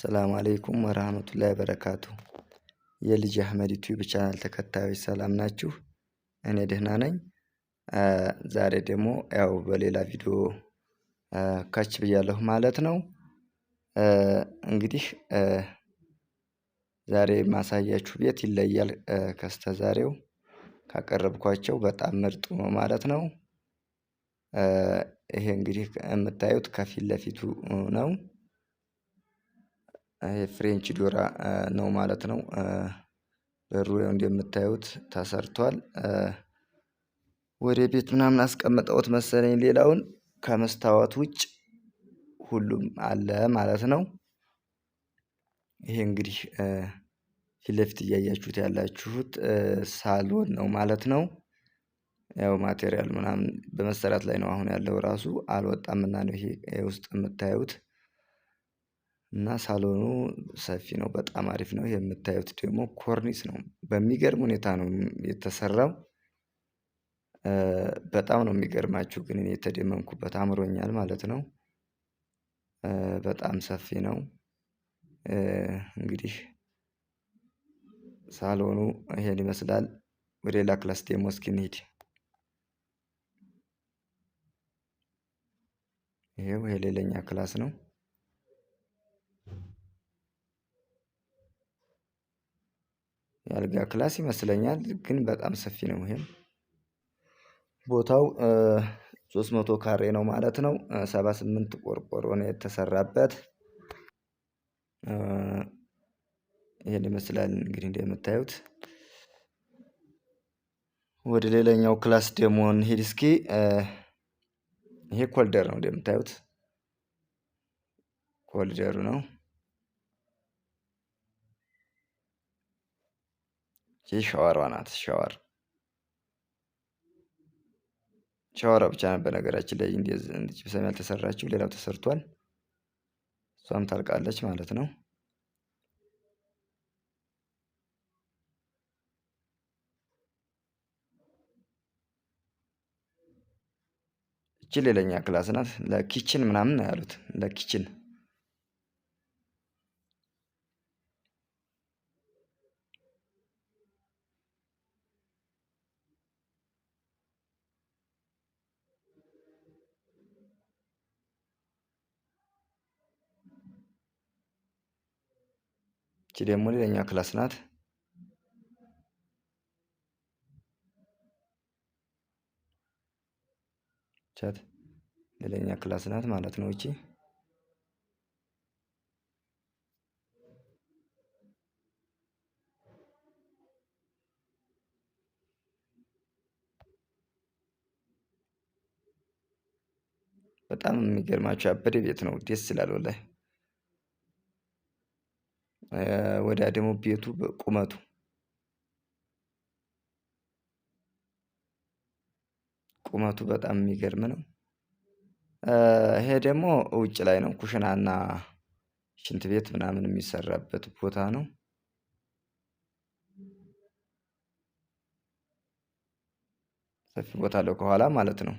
ሰላም አለይኩም ወራህመቱላሂ በረካቱ። የልጅ አህመድ ዩቲዩብ ቻናል ተከታዮች ሰላም ናችሁ? እኔ ደህና ነኝ። ዛሬ ደግሞ ያው በሌላ ቪዲዮ ከች ብያለሁ ማለት ነው። እንግዲህ ዛሬ ማሳያችሁ ቤት ይለያል ከስተዛሬው ካቀረብኳቸው በጣም ምርጡ ነው ማለት ነው። ይሄ እንግዲህ የምታዩት ከፊት ለፊቱ ነው። የፍሬንች ዶራ ነው ማለት ነው። በሩ ያው እንደምታዩት ተሰርቷል። ወደ ቤት ምናምን አስቀምጠውት መሰለኝ። ሌላውን ከመስታወት ውጭ ሁሉም አለ ማለት ነው። ይሄ እንግዲህ ፊት ለፊት እያያችሁት ያላችሁት ሳሎን ነው ማለት ነው። ያው ማቴሪያል ምናምን በመሰራት ላይ ነው አሁን ያለው ራሱ አልወጣምና ነው ይሄ ውስጥ የምታዩት እና ሳሎኑ ሰፊ ነው በጣም አሪፍ ነው። የምታዩት ደግሞ ኮርኒስ ነው በሚገርም ሁኔታ ነው የተሰራው። በጣም ነው የሚገርማችሁ ግን እኔ የተደመምኩበት አምሮኛል ማለት ነው። በጣም ሰፊ ነው። እንግዲህ ሳሎኑ ይሄን ይመስላል። ወደ ሌላ ክላስ ደግሞ እስኪ እንሂድ። ይሄው የሌለኛ ክላስ ነው የአልጋ ክላስ ይመስለኛል፣ ግን በጣም ሰፊ ነው። ይሄም ቦታው ሶስት መቶ ካሬ ነው ማለት ነው። ሰባ ስምንት ቆርቆሮ ነው የተሰራበት። ይሄን ይመስላል እንግዲህ እንደምታዩት። ወደ ሌላኛው ክላስ ደግሞ እንሂድ እስኪ። ይሄ ኮልደር ነው እንደምታዩት፣ ኮልደሩ ነው። ሻወሯ ናት። ሸዋር ሻወሯ ብቻ ናት። በነገራችን ላይ ጅብሰም ያልተሰራችው ሌላው ተሰርቷል። እሷም ታልቃለች ማለት ነው። እቺ ሌላኛ ክላስ ናት። ለኪችን ምናምን ያሉት ለኪችን እቺ ደግሞ ሌላኛ ክላስ ናት። ቻት ሌላኛ ክላስ ናት ማለት ነው። እቺ በጣም የሚገርማቸው አበደ ቤት ነው። ደስ ይላል ወላሂ። ወዲያ ደግሞ ቤቱ ቁመቱ ቁመቱ በጣም የሚገርም ነው። ይሄ ደግሞ ውጭ ላይ ነው ኩሽናና ሽንት ቤት ምናምን የሚሰራበት ቦታ ነው። ሰፊ ቦታ አለው ከኋላ ማለት ነው።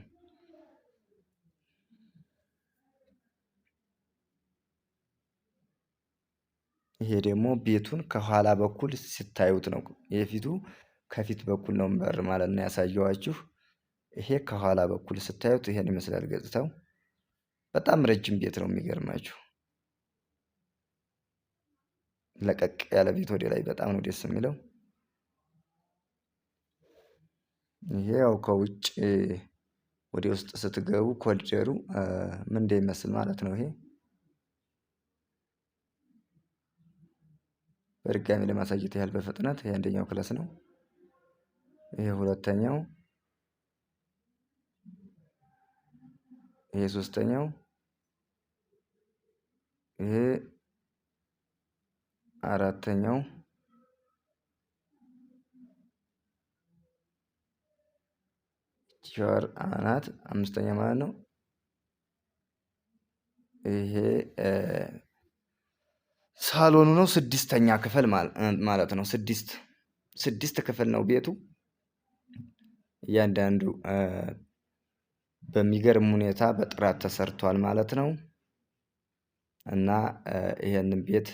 ይሄ ደግሞ ቤቱን ከኋላ በኩል ሲታዩት ነው። የፊቱ ከፊት በኩል ነው በር ማለት ነው ያሳየዋችሁ። ይሄ ከኋላ በኩል ስታዩት ይሄን ይመስላል ገጽታው። በጣም ረጅም ቤት ነው የሚገርማችሁ። ለቀቅ ያለ ቤት ወደ ላይ በጣም ነው ደስ የሚለው። ይሄ ያው ከውጭ ወደ ውስጥ ስትገቡ ኮሪደሩ ምን እንደሚመስል ማለት ነው ይሄ በድጋሚ ለማሳየት ያህል በፍጥነት ይህ አንደኛው ክላስ ነው። ይህ ሁለተኛው፣ ይሄ ሶስተኛው፣ ይሄ አራተኛው፣ ቸር አናት አምስተኛ ማለት ነው። ይሄ ሳሎኑ ነው ስድስተኛ ክፍል ማለት ነው። ስድስት ስድስት ክፍል ነው ቤቱ። እያንዳንዱ በሚገርም ሁኔታ በጥራት ተሰርቷል ማለት ነው። እና ይሄንን ቤት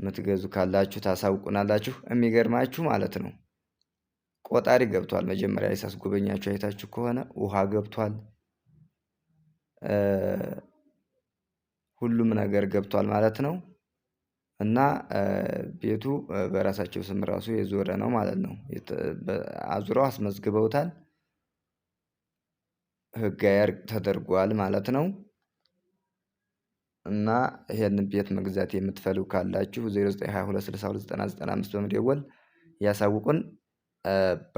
የምትገዙ ካላችሁ ታሳውቁናላችሁ። የሚገርማችሁ ማለት ነው ቆጣሪ ገብቷል። መጀመሪያ ላይ ሳስጎበኛችሁ አይታችሁ ከሆነ ውሃ ገብቷል፣ ሁሉም ነገር ገብቷል ማለት ነው። እና ቤቱ በራሳቸው ስም ራሱ የዞረ ነው ማለት ነው። አዙረው አስመዝግበውታል ህጋዊ እርቅ ተደርጓል ማለት ነው። እና ይህንን ቤት መግዛት የምትፈልጉ ካላችሁ 0922 62 በመደወል ያሳውቁን።